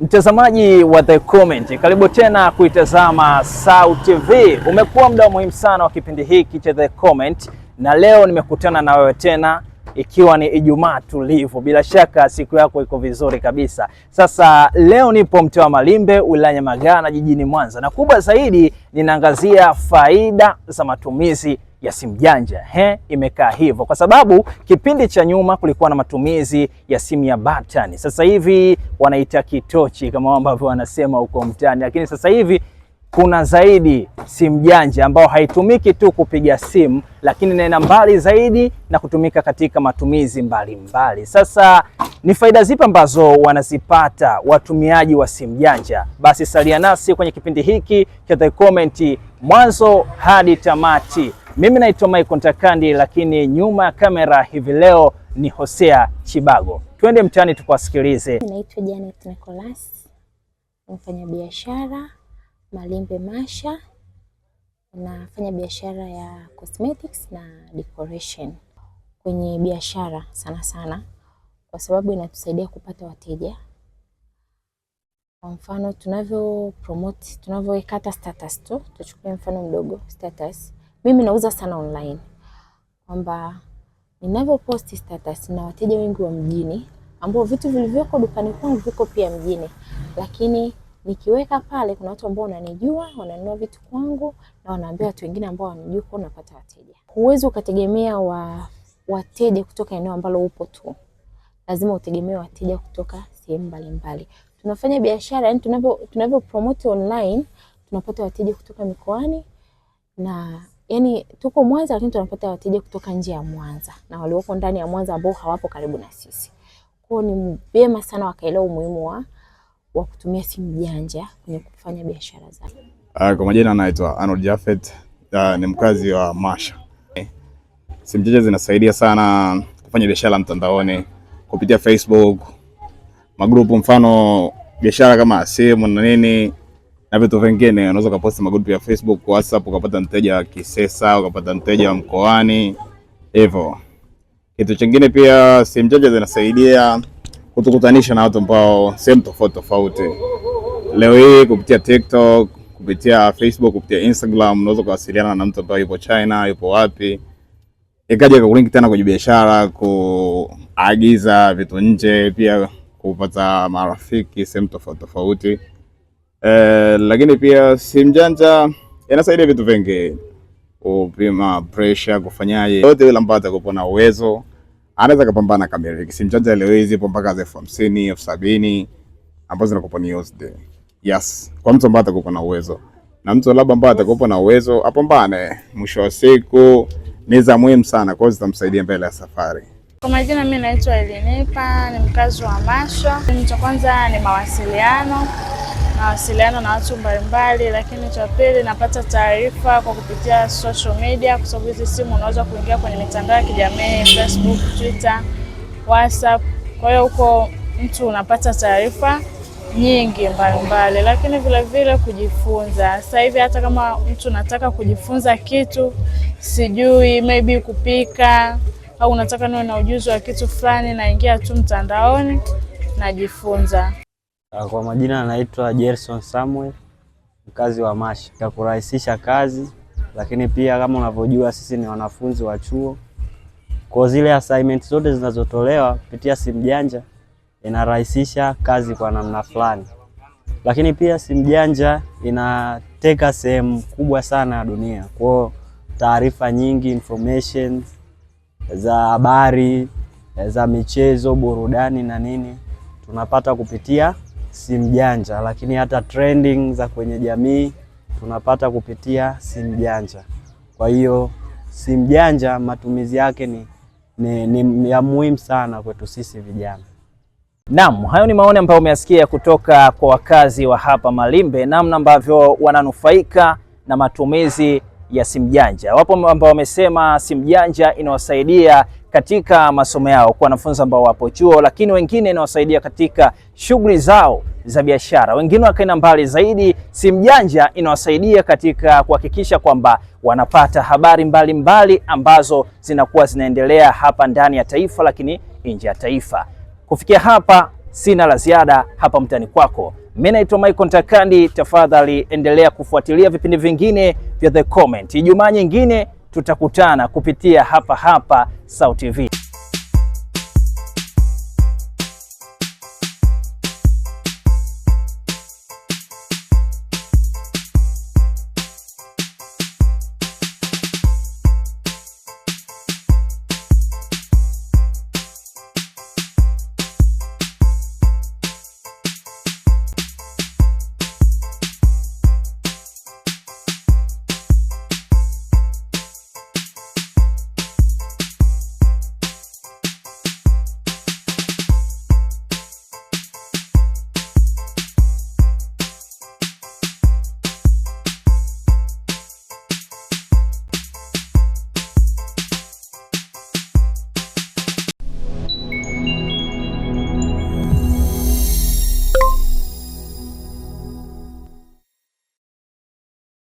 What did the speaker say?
Mtazamaji wa The Comment, karibu tena kuitazama Sau TV. Umekuwa mda muhimu sana wa kipindi hiki cha The Comment, na leo nimekutana na wewe tena ikiwa ni Ijumaa tulivu. Bila shaka siku yako iko vizuri kabisa. Sasa leo nipo mtaa wa Malimbe, wilaya Nyamagana, jijini Mwanza, na kubwa zaidi ninaangazia faida za matumizi ya simu janja he, imekaa hivyo kwa sababu kipindi cha nyuma kulikuwa na matumizi ya simu ya button. Sasa hivi wanaita kitochi kama ambavyo wanasema huko mtaani, lakini sasa hivi kuna zaidi simu janja ambayo haitumiki tu kupiga simu, lakini inaenda mbali zaidi na kutumika katika matumizi mbalimbali mbali. Sasa ni faida zipi ambazo wanazipata watumiaji wa simu janja? Basi salia nasi kwenye kipindi hiki cha The Comment mwanzo hadi tamati. Mimi naitwa Mike Ntakandi, lakini nyuma ya kamera hivi leo ni Hosea Chibago. Twende mtaani tukawasikilize. Naitwa Janet Nicholas, mfanya biashara Malimbe Masha, nafanya biashara ya cosmetics na decoration. Kwenye biashara sana sana, kwa sababu inatusaidia kupata wateja. Kwa mfano tunavyo promote, tunavyoweka status tu, tuchukue mfano mdogo status mimi nauza sana online, kwamba ninavyopost status na wateja wengi wa mjini ambao vitu vilivyoko dukani kwangu viko pia mjini, lakini nikiweka pale, kuna watu ambao wananijua wananunua vitu kwangu na wanaambia watu wengine ambao wanijua, kwa unapata wateja. Huwezi ukategemea wa wateja kutoka eneo ambalo upo tu, lazima utegemee wateja kutoka sehemu mbalimbali. Tunafanya biashara yani, tunavyo tunavyo promote online tunapata wateja kutoka mikoani na yani tuko Mwanza lakini tunapata wateja kutoka nje ya Mwanza na walioko ndani ya Mwanza ambao hawapo karibu na sisi. Kwa ni vyema sana wakaelewa umuhimu wa, wa kutumia simu janja kwenye kufanya biashara zao. Uh, kwa majina anaitwa Arnold Jafet uh, ah, ni mkazi wa Masha. Simu janja zinasaidia sana kufanya biashara mtandaoni kupitia Facebook, magrupu, mfano biashara kama simu na nini na vitu vingine. Unaweza ukaposti magrupu ya Facebook, WhatsApp, ukapata mteja wa Kisesa, ukapata mteja wa mkoani hivyo. Kitu chingine pia, simu janja zinasaidia kutukutanisha na watu ambao sehemu tofauti tofauti. Leo hii kupitia TikTok, kupitia Facebook, kupitia Instagram unaweza kuwasiliana na mtu ambaye yupo China, yupo wapi, ikaja kukulinki tena kwenye biashara, kuagiza vitu nje, pia kupata marafiki sehemu tofauti tofauti eh, lakini pia simu janja inasaidia vitu vingi, kupima pressure, kufanyaje, yote yule ambaye atakuwa na uwezo anaweza kupambana kamili. Simu janja leo hizi ipo mpaka elfu hamsini elfu sabini ambazo zinakupa ni used. Yes, kwa mtu ambaye atakuwa na uwezo na mtu labda ambaye atakuwa na uwezo apambane, mwisho wa siku ni za muhimu sana, kwa hiyo zitamsaidia mbele ya safari. Kwa majina mimi naitwa Elinipa, ni mkazi wa Maswa. Cha kwanza ni mawasiliano nawasiliana na watu mbalimbali, lakini cha pili napata taarifa kwa kupitia social media, kwa sababu hizi simu unaweza kuingia kwenye mitandao ya kijamii Facebook, Twitter, WhatsApp. Kwa hiyo huko mtu unapata taarifa nyingi mbalimbali, lakini vilevile kujifunza. Sasa hivi hata kama mtu nataka kujifunza kitu sijui, maybe kupika au unataka niwe na ujuzi wa kitu fulani, naingia tu mtandaoni najifunza. Ah, kwa majina anaitwa Gerson Samuel, mkazi wa Mashi. Ya kurahisisha kazi, lakini pia kama unavyojua sisi ni wanafunzi wa chuo, kwa zile assignment zote zinazotolewa kupitia simu janja inarahisisha kazi kwa namna fulani, lakini pia simu janja inateka sehemu kubwa sana ya dunia kwao, taarifa nyingi, information za habari za michezo, burudani na nini tunapata kupitia simu janja, lakini hata trending za kwenye jamii tunapata kupitia simu janja. Kwa hiyo simu janja matumizi yake ni, ni, ni ya muhimu sana kwetu sisi vijana. Naam, hayo ni maoni ambayo umeyasikia kutoka kwa wakazi wa hapa Malimbe, namna ambavyo wananufaika na matumizi ya simu janja. Wapo ambao wamesema simu janja inawasaidia katika masomo yao kwa wanafunzi ambao wapo chuo, lakini wengine inawasaidia katika shughuli zao za biashara. Wengine wakaenda mbali zaidi, simu janja inawasaidia katika kuhakikisha kwamba wanapata habari mbalimbali mbali ambazo zinakuwa zinaendelea hapa ndani ya taifa, lakini nje ya taifa. Kufikia hapa sina la ziada hapa mtani kwako. Mimi naitwa Michael Ntakandi, tafadhali endelea kufuatilia vipindi vingine vya The Comment. Ijumaa nyingine tutakutana kupitia hapa hapa SauTV.